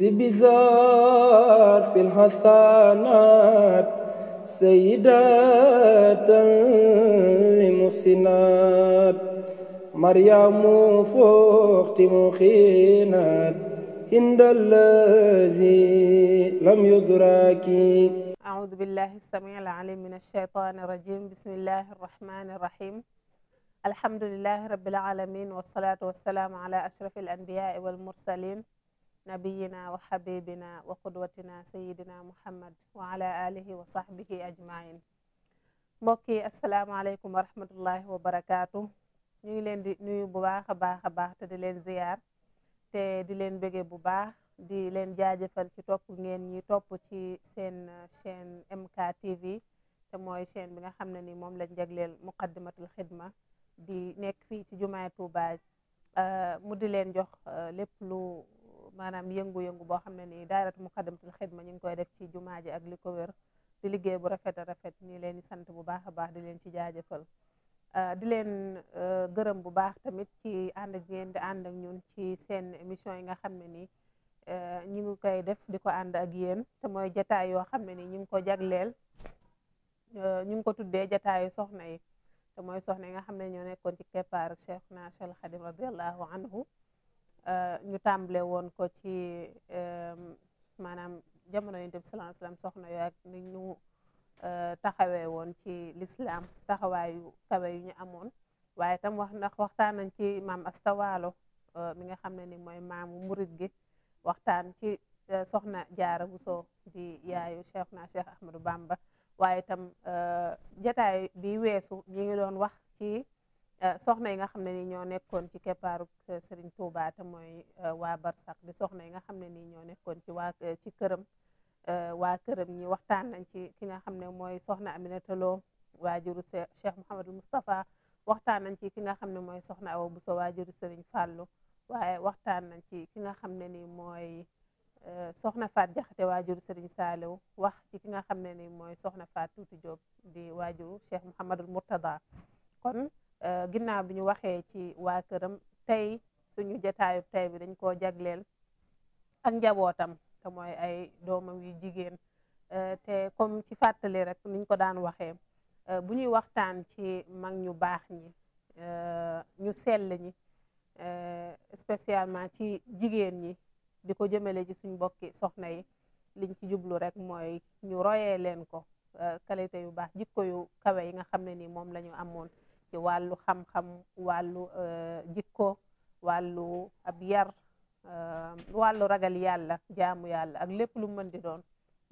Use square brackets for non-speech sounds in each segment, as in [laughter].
بزاد في الحسنات سيدات لمحسنات مريم فوق مخينات عند الذي لم يدرك أعوذ بالله السميع العليم من الشيطان الرجيم بسم الله الرحمن الرحيم الحمد لله رب العالمين والصلاة والسلام على أشرف الأنبياء والمرسلين nabiyina wa xabibina wa qudwatina sayidina muhammad wa ala alihi wa sahbihi ajmain mbokk yi asalaamaaleykum wa rahmatullahi wa barakaatu ñu ngi leen di nuyu bu baax a baax a baax te di leen ziyaar te di leen bëgge bu baax di leen jaajëfal ci topp ngeen ñi topp ci seen chaîne MK TV te mooy chaîne bi nga xam ne ni moom lañ jagleel muqaddimatul xidma di nekk fii ci jumaay Tuubaa euh, mu di leen jox euh, lépp lu maanaam yëngu-yëngu boo xam ne nii daayrat muqaddamatul xidma ñu ngi koy def ci jumaa ji ak li ko wér di liggéey bu rafet a rafet ñu leen di sant bu baax a baax di leen ci jaajëfal ah, di leen ah, gërëm bu baax tamit ci ànd ak ngeen di ànd ak ñun ci seen émission yi nga xam ne nii ah, ñu ngi koy def di ko ànd ak yéen te mooy jataay yoo xam ne nii ñu ngi ko jagleel ñu ngi ko tuddee jataayu soxna yi te mooy soxna yi nga xam ne ñoo nekkoon ci keppaar Cheikhna Cheikh Khadim radiyallahu anhu Euh, ñu tàmbale woon ko ci euh, maanaam jamono yi bi sallallahu alayhi soxna yoo ak ni ñu euh, taxawee woon ci lislaam taxawaayu kawe yu ñu amoon waaye tam wax ndax waxtaan nañ ci maam astawaalo mi nga xam ne ni mooy maamu murit gi waxtaan ci soxna jaara Buso di yaayu cheikh na cheikh ahmadou bamba waaye tam jataay bi weesu ñi ngi doon wax ci Eh, soxna yi nga xam ne ni ñoo nekkoon ci keppaaru eh, Serigne Touba te mooy eh, waa Barsak di soxna yi nga xam ne nii ñoo nekkoon ci waa ci këram waa këram ñi waxtaan nañ ci ki nga xam ne mooy soxna Aminata Lo waajuru Cheikh Mouhamadou Moustapha waxtaan nañ ci ki nga xam ne mooy soxna Awa Bousso waajuru Serigne Fallou waaye waxtaan nañ ci ki nga xam ne ni mooy soxna Faat Jaxate waajuru Serigne Saliou wax ci ki nga xam ne ni mooy soxna Faat Tuuti Diop di waajuru Cheikh Mouhamadou Mourtada kon Euh, ginnaaw bi ñu waxee ci waa këram tey suñu jotaayu tey bi dañ koo jagleel ak njabootam te mooy ay doomam yu jigéen euh, te comme ci fàttali rek niñ ko daan waxee euh, bu ñuy waxtaan ci mag ñu baax ñi ñu sell ñi spécialement ci jigéen ñi di ko jëme ci suñ mbokki soxna yi liñ ci jublu rek mooy ñu royee leen ko qualité yu baax jikko yu kawe yi nga xam ne ni moom lañu ñu amoon ci wàllu xam-xam wàllu euh, jikko wàllu ab yar euh, wàllu ragal yàlla jaamu yàlla ak lépp lum mën di doon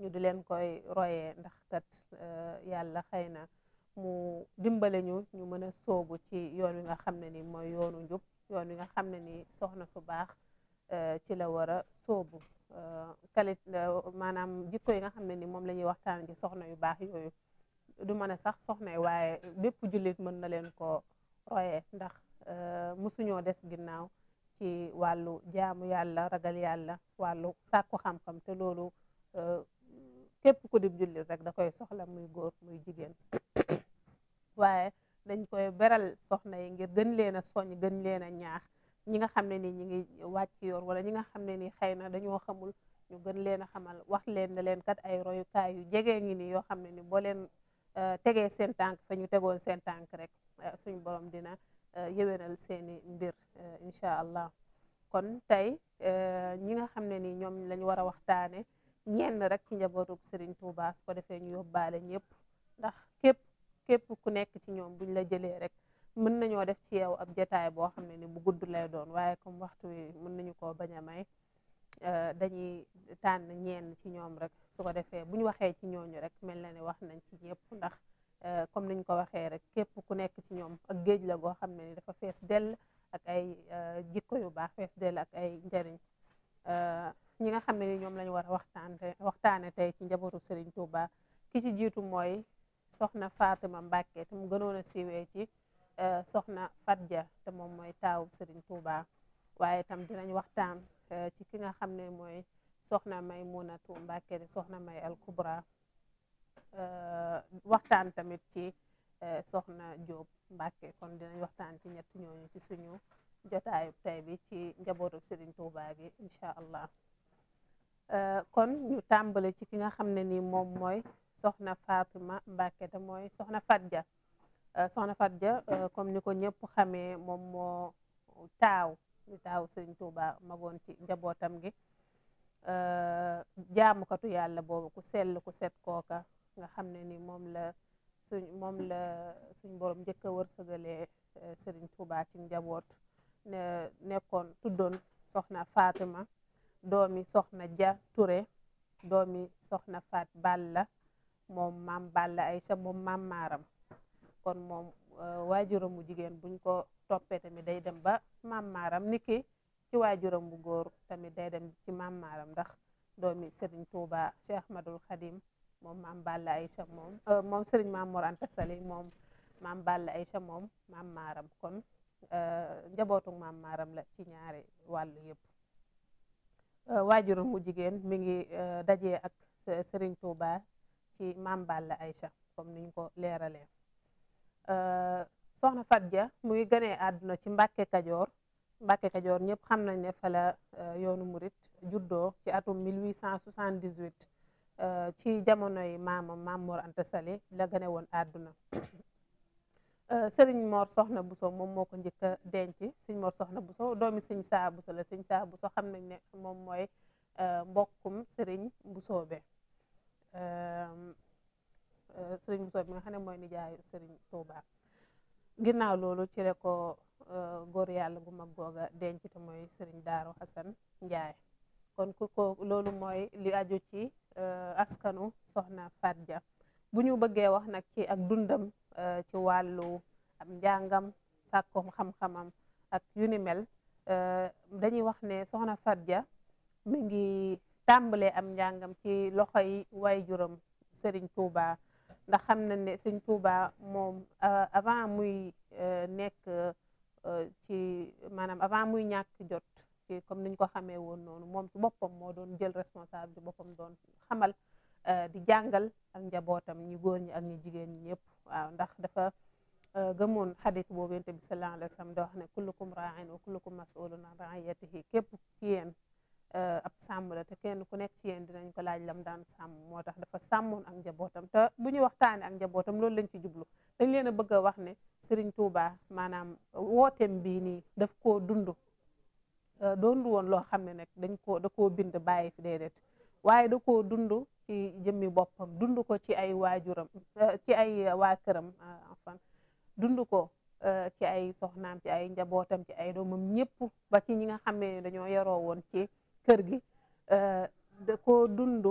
ñu di leen koy royee ndax kat euh, yàlla xëy na mu dimbale ñu ñu mën a sóobu ci yoon wi nga xam ne ni mooy yoonu njub yoon wi nga xam na ni soxna su baax ci la war a sóobu qualité maanaam jikko yi nga xam ne ni moom la ñuy waxtaan ci soxna yu baax yooyu du ma ne sax soxna waaye bépp jullit mën na leen ko roye ndax euh, mosuñoo des ginnaaw ci wàllu jaamu yàlla ragal yàlla wàllu sàkku xam-xam te loolu euh, képp ku di jullit rek da koy soxla muy góor muy jigéen [coughs] waaye dañ koy beral soxna yi ngir gën leen a soññ gën leen a ñaax ñi nga xam ne ni ñi ngi wàcc yoor wala ñi nga xam ne ni xëy na dañoo xamul ñu gën leen a xamal wax leen leen kat ay royukaay yu jege ngi nii yoo xam ne ni boo leen Eh, tege seen tànk fa ñu tegoon seen tànk rek eh, suñu borom dina eh, yëwénal seeni mbir incha allah kon tey ñi nga xam ne ni ñoom lañu war a waxtaane ñenn rek ci njabootu Serigne Touba su ko defee ñu yóbbaale ñëpp ndax képp képp ku nekk ci ñoom buñ la jëlee rek mën nañoo def ci yow ab jataay boo xam ne ni bu gudd lay doon waaye comme waxtu wi mën nañu ko bañ a may dañuy tànn ñenn ci ñoom rek su ko defee bu ñu waxee ci ñooñu rek mel na ne wax nañ ci ñëpp ndax euh, comme niñ ko waxee rek képp ku nekk ci ñoom ak géej la goo xam ne ni dafa fees dell ak ay euh, jikko yu baax fees del ak ay njariñ euh, ñi nga xam ne ni ñoom lañ ñu war a waxtaan waxtaane tey ci njabootu Serigne Touba ki ci jiitu mooy soxna Fatima Mbacke te mu gënoon a siiwee ci soxna Fatja te moom mooy taawu Serigne Touba waaye itam dinañ waxtaan ci ki nga xam ne mooy. soxna may munatu natu di soxna may al kubra euh, waxtaan tamit ci euh, soxna Jóob Mbàkke kon dinañ waxtaan ci ñett ñooñu ci suñu jotaayu tey bi ci njabootu Serigne Touba gi incha allah euh, kon ñu tàmbale ci ki nga xam ne nii moom mooy soxna Fatima Mbàkke te mooy soxna Fatja soxna Fatja comme ni ko ñëpp xamee moom moo taaw ñu taaw Serigne Touba magoon ci njabootam gi jaamukatu yàlla boobu ku sell ku set kooka nga xam ne ni moom la suñ moom la suñ borom njëkk a wërsëgalee e, Serigne Touba ci njaboot ne nekkoon tuddoon soxna Fatima doomi soxna Ja Touré doomi soxna Fat Balla moom maam Balla Aïcha moom maam Maaram kon moom e, waajuramu jigéen buñ ko toppee mi day dem ba maam Maaram niki ci waajuram bu góor tamit day dem ci maam maaram ndax doomi Serigne Touba Cheikh Ahmadul Khadim moom maam Balla Aïcha moom euh, moom Serigne maam Mor Anta Sali moom maam Balla Aïcha moom maam maaram kon euh, njabootu maam maaram la ci ñaari wàll yëpp euh, waajuram mu jigéen mi ngi dajee ak Serigne Touba ci maam Balla Aïcha comme niñ ko leeralee soxna Fatia mu ngi gënee àdduna ci Mbàkke Kajoor Mbàkke Kajoor ñëpp xam nañ ne fa euh, yoonu murit juddoo ci atum 1878 euh, ci jamonoy maamam maam Mor Anta Sali la gane woon àdduna euh, sëriñ Mor Soxna Buso moom moo ko njëkk a denc sëñ Mor Soxna Buso doomi sëñ Saa Buso la sëñ Saa Buso xam nañ ne moom mooy mbokkum sëriñ Buso be sëriñ Buso bi nga xam ne mooy nijaayu sëriñ Tuubaa ginnaaw loolu ci la Euh, góor yàlla gu mag googa denc te sëriñ daaru xasan njaay kon ku ko loolu mooy li aju ci euh, askanu soxna Faat bu ñu bëggee wax nag ci ak dundam euh, ci wàllu am njàngam sàkkoom xam-xamam ak yu dañuy wax ne soxna Faat Ja mi ngi tàmbalee am njàngam ci loxoy waajuram sëriñ Touba ndax xam na ne sëriñ Touba moom avant muy nekk Euh, ci maanaam avant muy ñàkk jot ci comme niñ ko xamee woon noonu moom ci boppam moo doon jël responsable boppam doon xamal euh, di jàngal ak njabootam ñu góor ñi ak ñu jigéen ñi ñëpp waaw ndax dafa euh, gëmoon xadis boobu yonent bi sallallahu alayhi wa sallam da wax ne kullukum raain wa kullukum masulun an raiyatihi képp ci yéen ab sàmm la kenn ku nekk ci yéen dinañ ko laaj lam daan sàmm moo tax dafa sàmmoon ak njabootam ta bu ñu waxtaanee ak njabootam loolu lañ ci jublu dañ leen a bëgg a wax ne Serigne Touba maanaam wooteem bii nii daf koo dund euh, doonul woon loo xam ne nag dañ koo da koo bind bàyyi fi déedéet waaye da koo dundu ci jëmmi boppam dund ko ci ay waajuram euh, ci ay waa këram euh, enfin dund ko ci ay soxnaam ci ay njabootam ci ay doomam ñëpp ba ci ñi nga xam ne dañoo yaroo woon ci kër gi da koo dund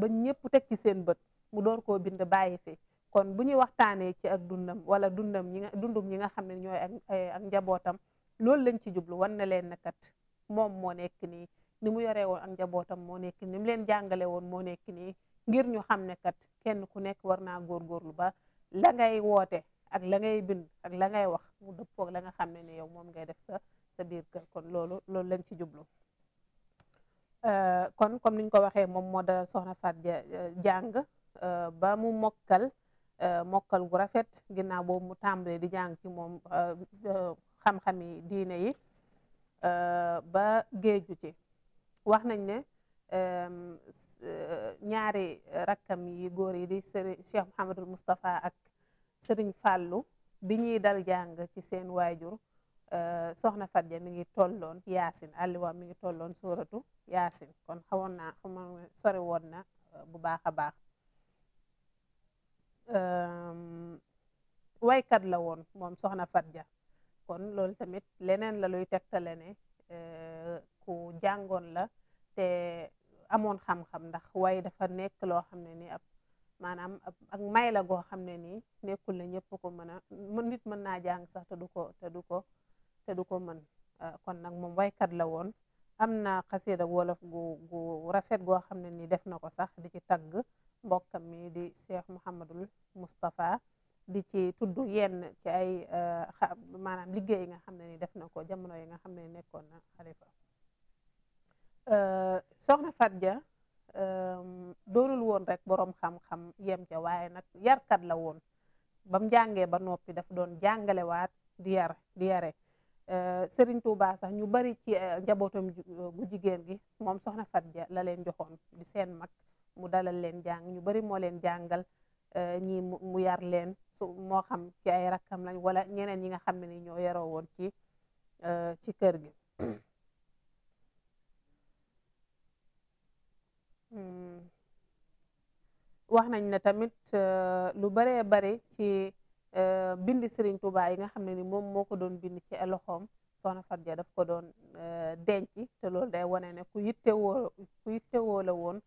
ba ñëpp teg ci seen bët mu door koo bind bàyyi fi kon bu ñuy waxtaanee ci ak dundam wala dundam ñi nga dundum ñi nga xam ne ñooy ak eh, ak njabootam loolu lañ ci jublu wan na leen nakat moom moo nekk nii ni mu yoree woon ak njabootam moo nekk ni mu leen jàngale woon moo nekk nii ngir ñu xam ne kat kenn ku nekk war naa góorgóorlu ba la ngay woote ak la ngay bind ak la ngay wax mu dëppoog la nga xam ne ne yow moom ngay def sa sa biir kër kon loolu loolu lañ ci jublu eh, kon comme niñ ko waxee moom moo da soxna Faat eh, jàng ba mu mokkal Eh, mokkal gu rafet ginnaaw boobu mu tàmbalee di jàng ci moom eh, eh, xam-xami diine yi ba géeju ci wax nañ ne ñaari rakkam yi góor yi di sëriñ Cheikh Mouhamadul Moustapha ak sëriñ Fàllu bi ñuy dal jàng ci seen waajur soxna Fatja mi ngi tolloon yaasin alliwa mi ngi tolloon suuratu yaasin kon xawoon naa xam sori woon na bu baax a baax Ehm, waykat la woon moom soxna Fat Dia kon loolu tamit leneen la luy tegtale ne eh, ku jàngoon la te amoon xam-xam ndax way dafa nekk loo xam ne ni ab maanaam ak may la goo xam ne nii nekkul la ñëpp ko mën a nit mën naa jàng sax te du ko te du ko te du ko mën ah, kon nag moom waykat la woon am na xasida wolof gu gu rafet goo xam ne ni def na ko sax di ci tagg mbokkam mi di Cheikh Mouhamadul Moustapha di ci tudd yenn ci ay eh, maanaam liggéey nga xam ne ni def na ko jamono yi nga xam ne nekkoon na xalifa eh, soxna Fat Dia eh, doonul woon rek borom xam-xam yem ca waaye nag yarkat la woon ba mu ba noppi daf doon jàngalewaat di yar di yare Serigne Touba sax ñu bari ci njabootam gu jigéen gi moom soxna Fat la leen joxoon di seen mag mu dalal leen jàng ñu bari moo leen jàngal eh, ñii mu yar leen su moo xam ci ay rakkam lañ wala ñeneen yi nga xam ne ni ñoo yaroo woon ci eh, ci kër gi hmm. Hmm. wax nañ ne tamit eh, lu baree bari ci bind Serigne Touba yi nga xam ne ni moom moo ko doon bind ci loxoom soxna Fatou Dia daf ko doon denc te loolu day wane ne ku yittewoo ku woon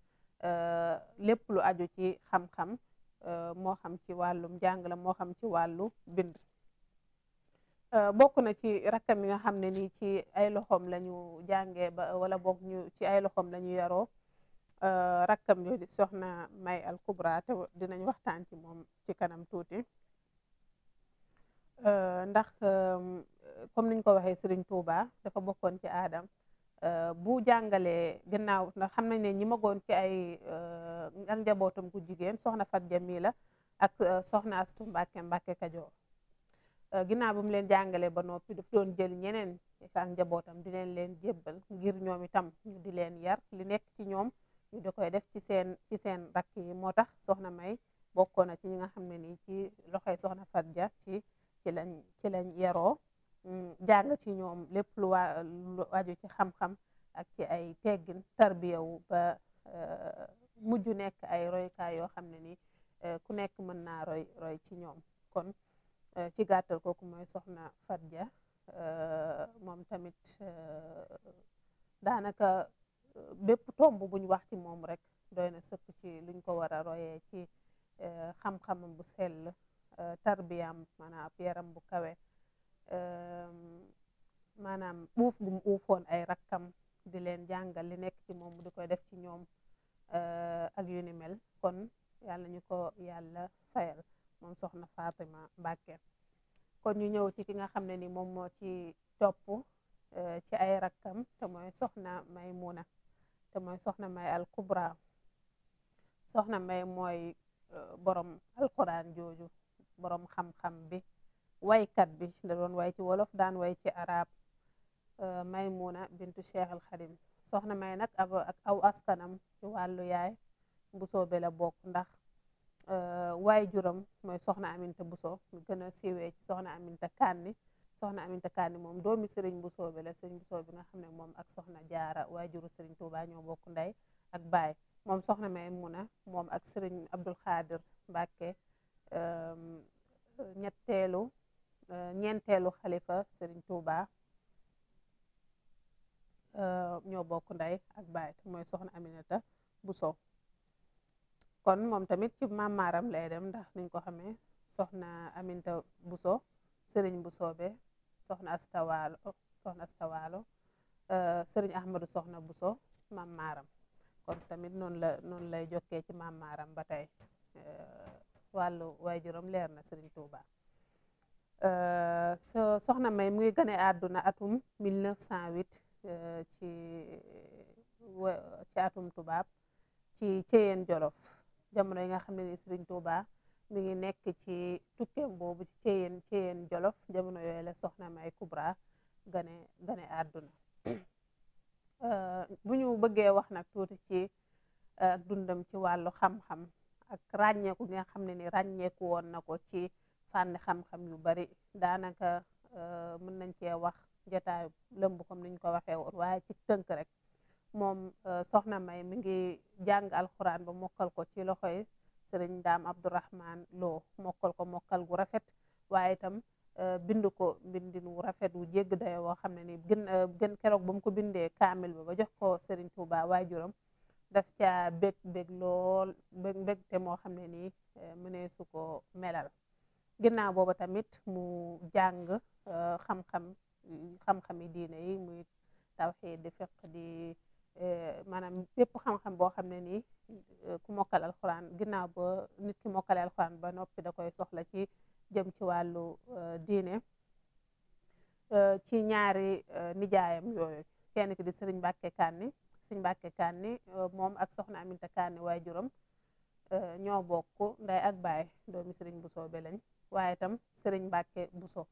Euh, lépp lu aju ci xam-xam euh, moo xam ci wàllum jàng la moo xam ci wàllu bind euh, bokk na ci rakkam yi nga xam ne nii ci ay loxoom la ñu jàngee ba wala boog ci ay loxoom la ñu yaroo rakkam yooyu di soxna May al Kubra te dinañ waxtaan ci moom ci kanam tuuti ndax comme niñ ko waxee Serigne Touba dafa bokkoon ci aadam Euh, bu jàngalee gannaaw ndax xam nañ ne ñi magoon ci ay euh, ak njabootam ku jigéen soxna Fat Jamila ak euh, soxna Astu Mbàkke Mbàkke Kajoor ginnaaw bi leen jàngalee ba noppi daf doon jël ñeneen ak njabootam di leen leen jébbal ngir ñoom itam di leen yar li nekk ci ñoom ñu di koy def ci seen ci seen rakk yi moo tax soxna May bokkoon na ci ñi nga xam ne nii ci loxoy soxna Fat Ja ci ci lañ ci lañ yaroo jàng ci ñoom lépp lu waa lu ci xam-xam ak ci ay teggin tarbiyawu ba euh, mujj nekk ay roykaay yoo xam ne ni euh, ku nekk mën naa roy roy ci ñoom kon euh, ci gàttal ko mooy soxna Fat Dia moom tamit daanaka lépp tomb buñ wax ci moom rek doy na sëkk ci luñ ko war a royee ci xam-xamam bu sel tarbiyaam maanaam yaram bu kawe Ehm, maanaam uuf gu mu uufoon ay rakkam di leen jàngal li nekk ci moom di koy def ci ñoom eh, ak yu mel kon yàlla ñu ko yàlla fayal moom soxna Fatima Mbàkke kon ñu ñëw ci ki nga xam ne ni moom moo ci topp eh, ci ay rakkam te mooy soxna Maymuna te mooy soxna May al Kubra soxna May mooy eh, borom alquran jooju borom xam-xam bi waykat bi da doon way ci wolof daan way ci arab euh, Maymuna bintu Cheikh al Xadim soxna may nag ab aw askanam ci wàllu yaay Buso be la bokk ndax euh, waay juram mooy soxna Aminta Buso mu gën a siiwee ci soxna Aminta Kanni soxna Aminta Kanni moom doomi Serigne Buso be la Serigne Buso bi xam ne moom ak soxna Jaara waay juru Serigne Touba ñoo bokk ndey ak baay moom soxna Maymuna moom ak Serigne Abdul Xaadir Mbàkke euh, ñetteelu ñeenteelu xalifa Serigne Touba euh, ñoo bokk ndey ak baay mooy soxna Aminata Bousso kon moom tamit ci maamaaram lay dem ndax niñ ko xamee soxna Aminata Bousso Serigne Bousso be soxna Astawaalo soxna Astawaalo euh, Serigne Ahmadou soxna Bousso maamaaram kon tamit noonu lay jokkee ci maamaaram ba tey euh, wàllu waajuram leer na Serigne Touba. Euh, soxna May muy gane àdduna atum 1908 euh, ci ci atum tubaab ci Ceyeen Jolof jamono yi nga xam ne ni Sëriñ Tuubaa mi ngi nekk ci tukkeem boobu ci Ceyeen Jolof jamono yooyu la soxna May Kubra gane gane àdduna [coughs] euh, bu ñu bëggee wax nag tuuti ci ak dundam ci wàllu xam-xam ak ràññeeku nga xam ne ni ràññeeku woon na ko ci fànni xam-xam yu bari daanaka euh, mën nañ cee wax jotaayu lëmb comme niñ ko waxee woon waaye ci tënk rek moom euh, soxna May mi ngi jàng alxuraan ba mokkal ko ci loxoy sëriñ Ndaam Abdourahman Lo mokkal ko mokkal gu rafet waaye itam euh, bind ko mbindin wu rafet wu jégg dayo woo xam ne ni gën gën keroog ba ko bindee kaamil ba ba jox ko sëriñ Touba waajuram daf caa bég bég lool bég te moo xam ne nii mënee su melal ginnaaw boobu tamit mu jàng euh, xam-xam xam-xami diine yi muy tawxiid di fiq di euh, maanaam bépp xam-xam boo xam ne nii euh, ku mokkal alxuraan ginnaaw ba nit ki mokkale ba noppi da koy soxla ci jëm ci wàllu diine ci ñaari nijaayam yooyu kenn ki di sëriñ Mbàkke Kanni sëriñ Mbàkke Kanni moom ak soxna Aminta Kanni waaye juróom ñoo bokk nday ak baay doomi sëriñ bu soobe lañ waaye itam sëriñ Mbacke Bousso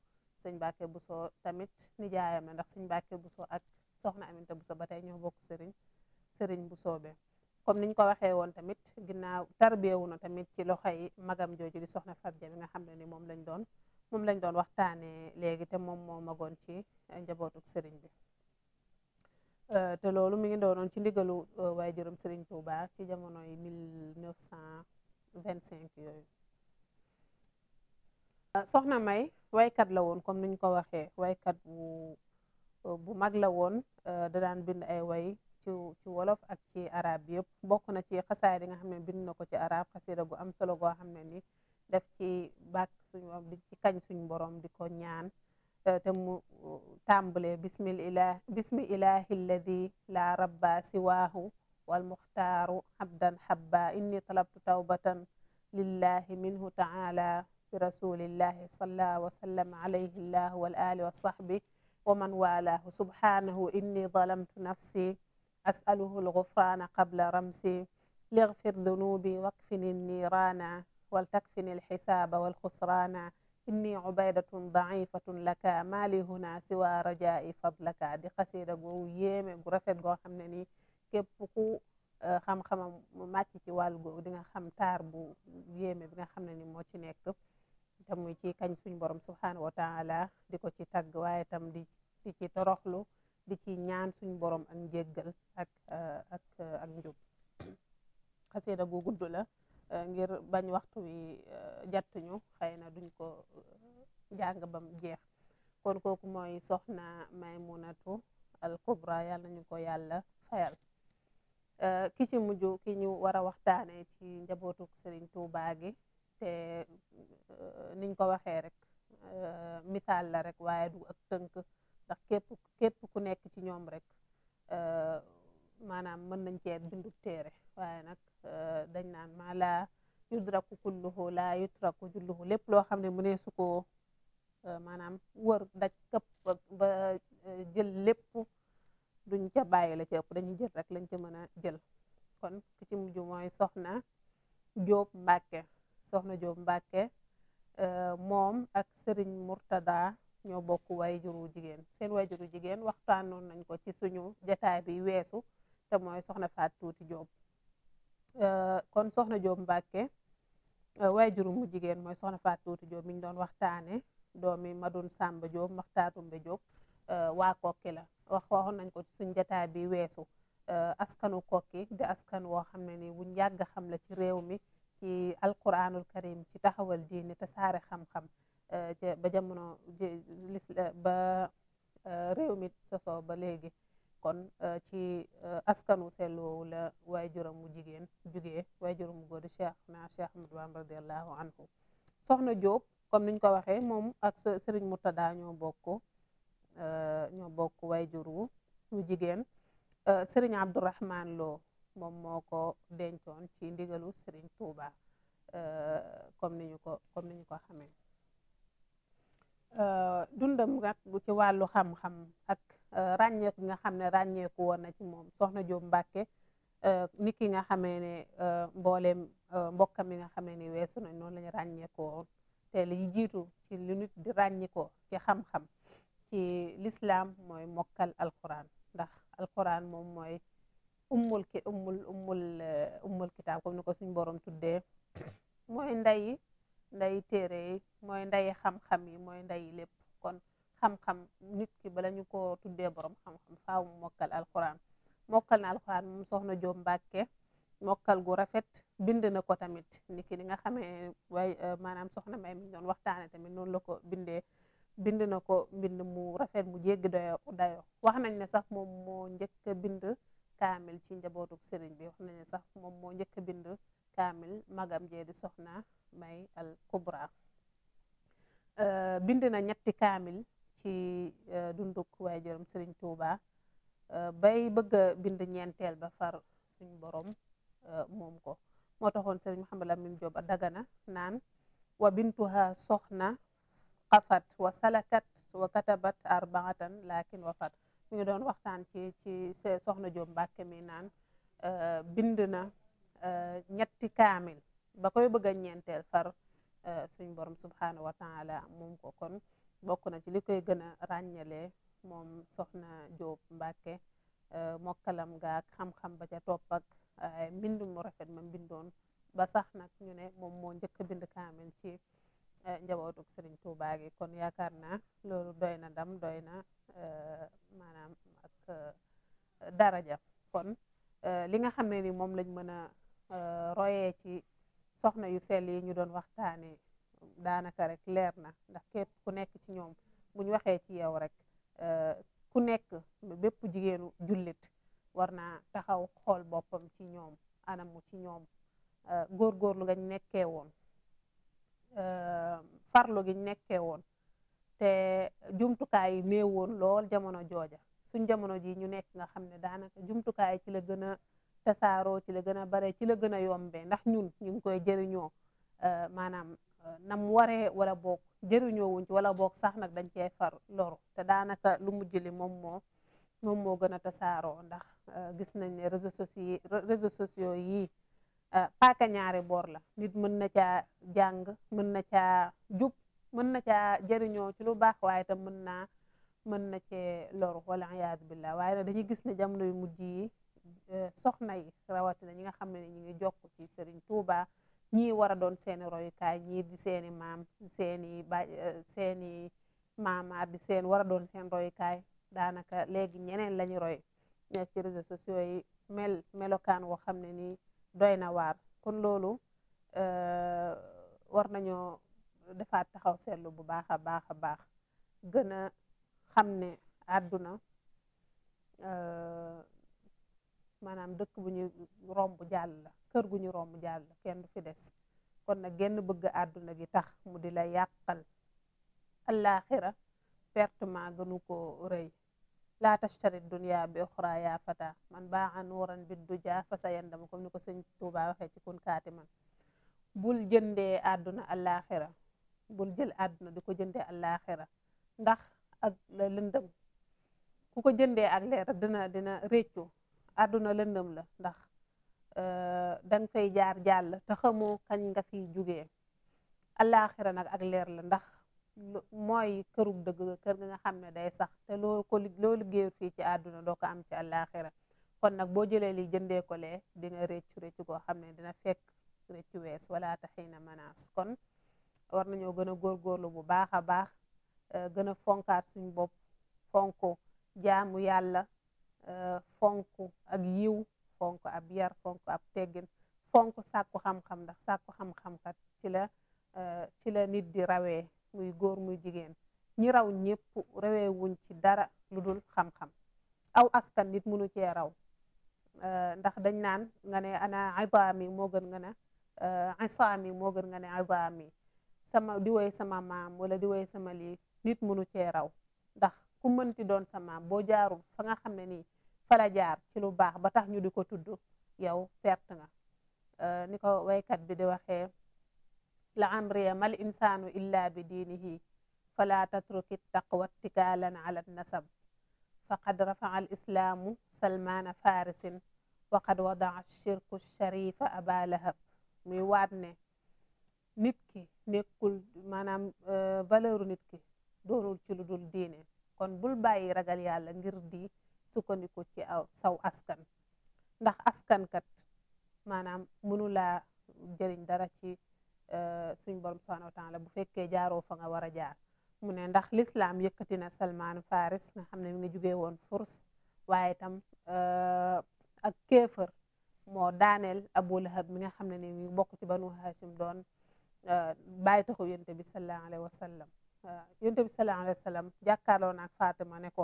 sëñ Mbacke Bousso tamit nijaayam na ndax sëñ Mbacke Bousso ak soxna Aminta Bousso ba tey ñoo bokk sëriñ sëriñ Bousso be comme niñ ko waxee woon tamit ginnaaw tarbiyewu na tamit ci loxo yi magam jooju di soxna Farja bi nga xam ne ni moom lañ doon moom lañ doon waxtaanee léegi te moom moo magoon ci eh, njabootuk sëriñ bi euh, te loolu mi ngi doonoon ci ndigalu euh, waaye juróom sëriñ Touba ci jamonoyi mille vingt cinq yooyu Ah, soxna May waykat la woon comme ni ñu ko waxe waykat bu eh, bu mag la woon eh, da daan bind ay way ci ci wolof ak ci arab yëpp bokk na ci xasaay yi nga xam ne bind na ko ci arab xasida gu am solo goo xam ne ni def ci bàkk suñ ci kañ suñu borom di ko ñaan eh, te mu tàmbale bismillah bismi ilahi alladi la rabba siwaahu wal muxtaaru habdan habba inni talabtu tawbatan lillahi minhu taala fi rasulillahi salla wa sallam alayhi llah wal ali wa sahbi wa nafsi asaluhu lgufrana qabla ramsi ligfir dunubi wakfini nirana waltakfini alxisaba walxusrana inni huna siwa rajai fadlaka di xasida gu yéeme gu rafet goo xam ne ni képp ku xam-xamam màcc ci wàll googu di nga bu yéeme bi nga xam ne ni moo ci nekk te muy ci kañ suñu borom subhanahu wa taala di ko ci tagg waaye tam di di ci toroxlu di ci ñaan suñu borom ak njéggal ak uh, ak uh, ak njub xasida gu gudd la uh, ngir bañ waxtu wi jattuñu xëy na duñ ko jàng bam jeex kon kooku mooy soxna Maymunatu al Kubra yàlla ko yàlla fayal ki ci mujj ki ñu war a waxtaane ci njabootu Serigne Touba gi te eh, niñ ko waxee rek eh, misaal la rek waaye du ak tënk ndax képp képp ku nekk ci ñoom rek eh, maanaam mën nañ cee bindu téere waaye nag dañ naan ma laa yudraku kulluhu laa yutraku julluhu lépp loo xam ne mu ne su ko maanaam wër daj këpp ba jël lépp duñ ca bàyyi la ci ëpp dañuy jël rek lañ ca mën a jël kon ki ci mujj mooy soxna Jóob Mbàkke soxna Diop Mbacke eh, moom ak Serigne Mourtada ñoo bokk wayjuru jigéen seen wayjuru jigéen waxtaanoon nañ ko ci suñu jataay bi weesu te mooy soxna Faat Tuuti Diop eh, kon soxna Diop Mbacke eh, wayjuru mu jigéen mooy soxna Faat Tuuti Diop mi ñu doon waxtaane doomi Madoun Samba Diop Maxtaatumbe Diop waa kokki la wax waxoon nañ ko ci suñ jataay bi weesu askanu kokki di askan woo xam ne ni buñ yàgg xam la ci réew mi ci alquranul karim ci taxawal ta saare xam-xam eh, ba jamono eh, ba eh, réew mi sosoo ba léegi kon ci askanu seetlu woowu la waay juróom mu jigéen jugee waay juróom mu góor di cheikh na cheikh anhu soxna Jóob comme niñ ko waxee moom ak sëriñ Murtada ñoo bokk ñoo bokk waay jur wu jigéen sëriñ Abdourahman Lo moom moo ko dencoon ci ndigalu Serigne Touba euh, comme ni ñu ko comme ni ñu ko xamee euh, dundam nag ci wàllu xam-xam ak euh, ràññeeku nga xam ne ràññeeku woon na ci moom soxna Jóob Mbàkke nit ki nga xamee ne mbooleem mbokkam yi nga xamee ni weesu nañ noonu la ñu ràññeeku woon te li jiitu ci li nit di ràññikoo ci xam-xam ci lislaam mooy mokkal alquran ndax alquran moom mooy ummul ki ummul ummul eh, ummul kitaab comme ni ko suñ borom tuddee mooy nday nday téere yi mooy nday xam-xam yi mooy nday lépp kon xam-xam nit ki bala ñu ko tuddee borom xam-xam faaw mu mokkal alxuraan mokkal na alxuraan moom soxna Jóob Mbàkke mokkal gu rafet bind na ko tamit nit ki di nga xamee waaye eh, maanaam soxna may mi doon waxtaane tamit noonu la ko bindee bind na ko mbind mu rafet mu jéggi doyo dayo wax nañ ne sax moom moo njëkk a bind kaamil ci njabootuk sëriñ bi wax nañu sax moom moo njëkk a bind kaamil magam jee di soxna may al kubra äh, bind na ñetti kaamil ci äh, dunduk waajuram sëriñ Touba äh, bay bëgg a bind ñeenteel ba far suñ borom moom ko moo taxoon sëriñ Mouhamed Lamine Diop a dagana naan wa bintuha soxna xafat wa salakat wa katabat arbaatan lakin wafat ñu doon waxtaan ci ci soxna Jóob mbake mi naan euh, bind na euh, ñetti kaamil ba koy bëgg ñeenteel far euh, suñ borom subhaanahu wa taala moom ko kon bokk na ci li koy gën a ràññale moom soxna Jóob mbake mokkalam gaak xam-xam ba ca topp ak mu rafet ma mbindoon ba sax nag ñu ne moom moo njëkk a bind kaamil ci Eh, njabootug Serigne Touba gi kon yaakaar naa loolu doy na ndam doy na eh, maanaam ak eh, daraja kon li nga xam ni moom lañ mën a royee ci soxna yu sell yi ñu doon waxtaane daanaka rek leer na ndax képp ku nekk ci ñoom buñ waxee ci yow rek ku nekk bépp jigéenu jullit war naa taxaw xool boppam ci ñoom anam ci ñoom góorgóorlu nga nekkee woon Euh, farlu gi nekkee woon te jumtukaay yi néew lool jamono jooja suñ jamono ji ñu nekk nga xam ne daanaka jumtukaay ci la gën a tasaaroo ci la gën a bare ci la gën a yombee ndax ñun ñu ngi koy jëriñoo euh, maanaam euh, nam waree wala boog jëriñoo wuñ wala boog sax nag dañ cee far loru te daanaka lu mujj li moom moo moom moo gën a tasaaroo ndax gis nañ ne réseaux sociaux réseaux yii Euh, paaka ñaari boor la nit mën na caa jàng mën na caa jub mën na caa jëriñoo ci lu baax waaye tam mën naa mën na cee loru wala iyaadu billah waaye nag dañuy gis ne jamono yu mujj yi euh, soxna yi rawatina ñi nga xam ne ñu ngi jokk ci Serigne Touba ñii war a doon seeni royukaay ñii di seeni maam seeni ba euh, seeni maamaat di seen war a doon seen royukaay daanaka léegi ñeneen la ñu roy nekk ci sociaux yi mel melokaan woo xam ne doy na waar kon loolu euh, war nañoo defaat taxaw seetlu bu baax a baax a baax gën a xam ne àdduna euh, maanaam dëkk bu ñu romb jàll la kër gu ñu romb jàll la kenn du fi des kon nag genn bëgg àdduna gi tax mu di la yàqal allaaxira pertement gënu ko rëy laa tashtari dunya bi uxra yaa fata man baa a nuuran bi duja fa sa yandam comme ni ko sëñ Tuubaa waxee ci kun man bul jëndee àdduna àllaaxira bul jël àdduna di ko jëndee àllaaxira ndax ak lëndëm ku ko jëndee ak leer dina dina réccu àdduna lëndëm la ndax euh, danga fay jaar jàll te kañ nga fiy jugee àllaaxira nag ak leer la ndax mooy kërug dëgg kër gi nga xam ne day sax te loo ko loo liggéey fii ci àdduna doo ko am ci àllaaxira kon nag boo jëlee li jëndee ko lee di nga réccu réccu koo xam ne dina fekk réccu wees wala taxii na menace kon war nañoo gën a góorgóorlu bu baax a baax e, gën a fonkaat suñ bopp fonk jaamu yàlla e, fonk ak yiw fonk ab yar fonk ab teggin fonk sàkku xam-xam ndax sàkku xam-xam kat ci la e, ci la nit di rawee muy góor muy jigéen ñi raw ñëpp rawee wuñ ci dara lu dul xam aw askan nit mënu cee raw ndax dañ naan nga ne ana idaami moo gën nga ne isaami moo gën nga ne idaami sama di woy sama maam wala di woy sama lii nit mënu cee raw ndax ku mënti doon sa boo jaarul fa nga xam ne nii fala jaar ci lu baax ba tax ñu di ko tudd yow perte nga ni ko waykat bi di waxee la amriya mal insaanu illa bi diinihi fala tatruki taqwa tikaalan ala nasab faqad rafaa al islaamu farisin wa qad shirku sharifa aba lahab muy waat nit ki nekkul maanaam euh, valeuru nit ki doonul ci lu dul diine kon bul bàyyi ragal yàlla ngir di sukkandiku ci aw saw askan ndax askankat maanaam mënulaa jëriñ dara ci Eh, suñ borom subhanahu wa bu fekkee jaaroo fa nga war a jaar mu ne ndax lislaam yëkkati na Salman Faris nga xam ne mi ngi jugee woon furs waaye itam eh, ak kéefër moo daaneel Abu Lahab mi nga xam ne ni mi ngi bokk ci banu Hashim doon eh, bàyyi taxu yonent bi sallallahu alayhi wa sallam yonent bi sallallahu alayhi wa Fatima ne ko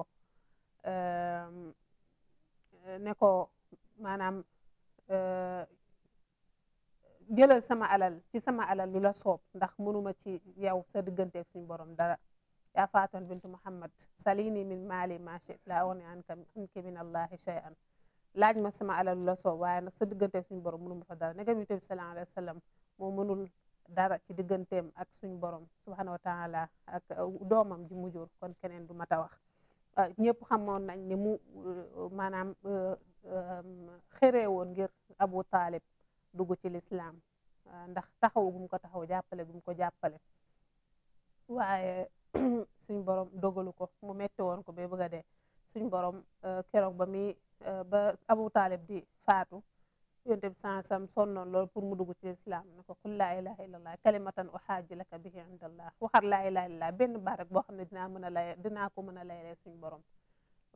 ne ko maanaam jëlal sama alal ci sama alal lu la soob ndax mënuma ci yow sa digganteeg suñu borom dara yaa faatan bintu muhammad salini min maali machi laa wax ne an ka anki min allahi shay'an laaj ma sama alal lu la soob waaye nag sa digganteeg suñu borom ma fa dara nekam yonent bi sallallahu alayhi wa sallam moo mënul dara ci digganteem ak suñu borom subhanahu wa taala ak uh, doomam ji mujur kon keneen du mata wax uh, ñëpp xamoon nañ ne mu uh, maanaam um, xëree woon ngir abu taalib dugg ci lislaam ndax taxaw gum ko taxaw jàppale gum ko jàppale waaye [clears throat] suñ borom dogalu ko mu metti woon ko ba bëgg a dee suñ borom euh, keroog ba muy euh, ba abu taalib di faatu yonte bi sansam sonnoon loolu pour mu dugg ci lislaam na ko qul laa ilaha illallah kalimatan uxaaji laka bihi indallah waxat laa ilaha illallah benn baat boo xam ne dinaa mën a lay dinaa ko mën a layalee suñ borom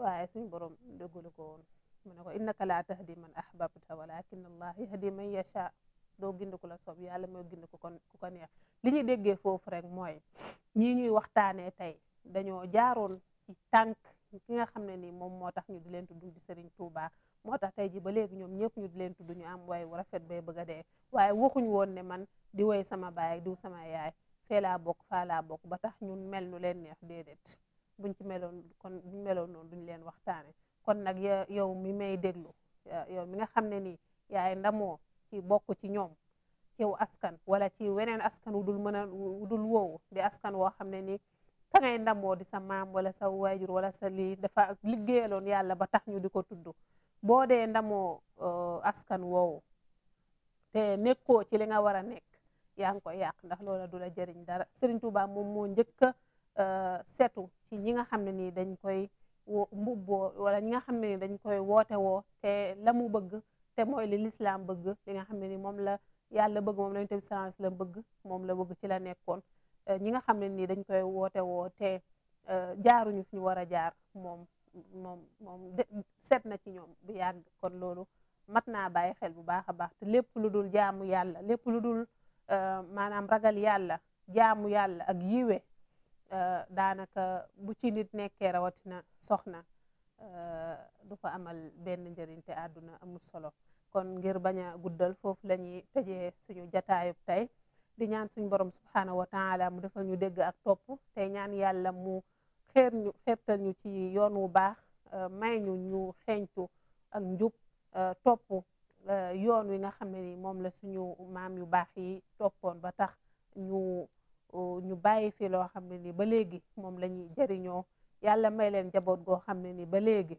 waaye suñ borom dogalu ko woon mu ne ko innaka laa tahdi man ahbabta walakin allah yahdi man yasha doo gind ku la soob yàlla moo gind ku ko ku ko neex li ñu déggee foofu rek mooy ñii ñuy waxtaanee tey dañoo jaaroon ci tànk ki nga xam ne nii moom moo tax ñu di leen tudd di Serigne Touba moo tax tey ji ba léegi ñoom ñëpp ñu di leen tudd ñu am way rafet bay bëgg a dee waaye waxuñ woon ne man di woy sama baay ak diw sama yaay fee laa bokk faa laa bokk ba tax ñun mel nu leen neex déedéet buñ ci meloon kon buñ meloon noonu duñ leen waxtaane kon nag yow mi may déglu yow mi nga xam ne nii yaay ndamoo ci bokk ci ñoom ciw askan wala ci weneen askan wu dul mën a dul woowu di askan woo xam ne ni ka ngay ndamoo di sa maam wala sa waajur wala sa lii dafa liggéeyaloon yàlla ba tax ñu di ko tudd boo dee ndamoo uh, askan woowu te nekkoo ci li nga war a nekk yaa ngi koy yàq ndax loola du la jëriñ dara Serigne Touba moom moo njëkk a uh, seetu ci ñi nga xam ne nii dañ koy wo mbubboo wala ñi nga xam ne ni dañ koy woote woo te la mu bëgg te mooy li lislaam bëgg li nga xam ne ni moom la yàlla bëgg moom la ñu tamit science la bëgg moom la bëgg ci la nekkoon eh, ñi nga xam ne ni dañ koy woote woo te eh, jaaruñu fi ñu war a jaar moom moom moom seet na ci ñoom bu yàgg kon loolu mat naa bàyyi xel bu baax a baax te lépp lu dul jaamu yàlla lépp lu dul eh, maanaam ragal yàlla jaamu yàlla ak yiwe Euh, daanaka bu ci nit nekkee rawatina soxna euh, du ko amal benn njëriñ te àdduna amul solo kon ngir bañ a guddal foofu la ñuy tëjee suñu jataayub tey di ñaan suñu borom subhaanahu wa mu defal ñu dégg ak topp tey ñaan yàlla mu xeer ñu ci yoon wu baax euh, may ñu ñu xeeñtu ak njub topp yoon wi nga xam ni moom la suñu maam yu baax yi toppoon ba tax ñu ñu bàyyi fi loo xam ne ni ba léegi moom la ñuy jëriñoo yàlla may leen njaboot goo xam ne ni ba léegi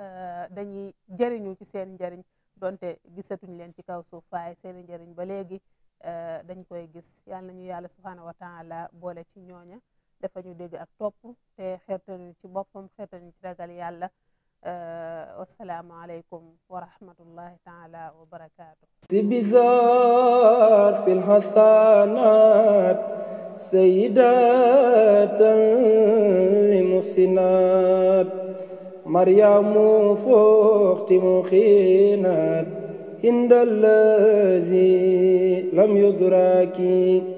euh, dañuy jëriñu ci seen njëriñ donte gisatuñ leen ci kaw suuf waaye seen njëriñ ba léegi euh, dañ koy gis yàlla nañu yàlla subhaanahu wa taala boole ci ñooña dafa ñu dégg ak topp te xeertañu ci boppam xeertañu ci ragal yàlla والسلام عليكم ورحمة الله تعالى وبركاته بزار في الحسنات سيدات لمحسنات مريم فوق مخينات عند الذي لم يدركي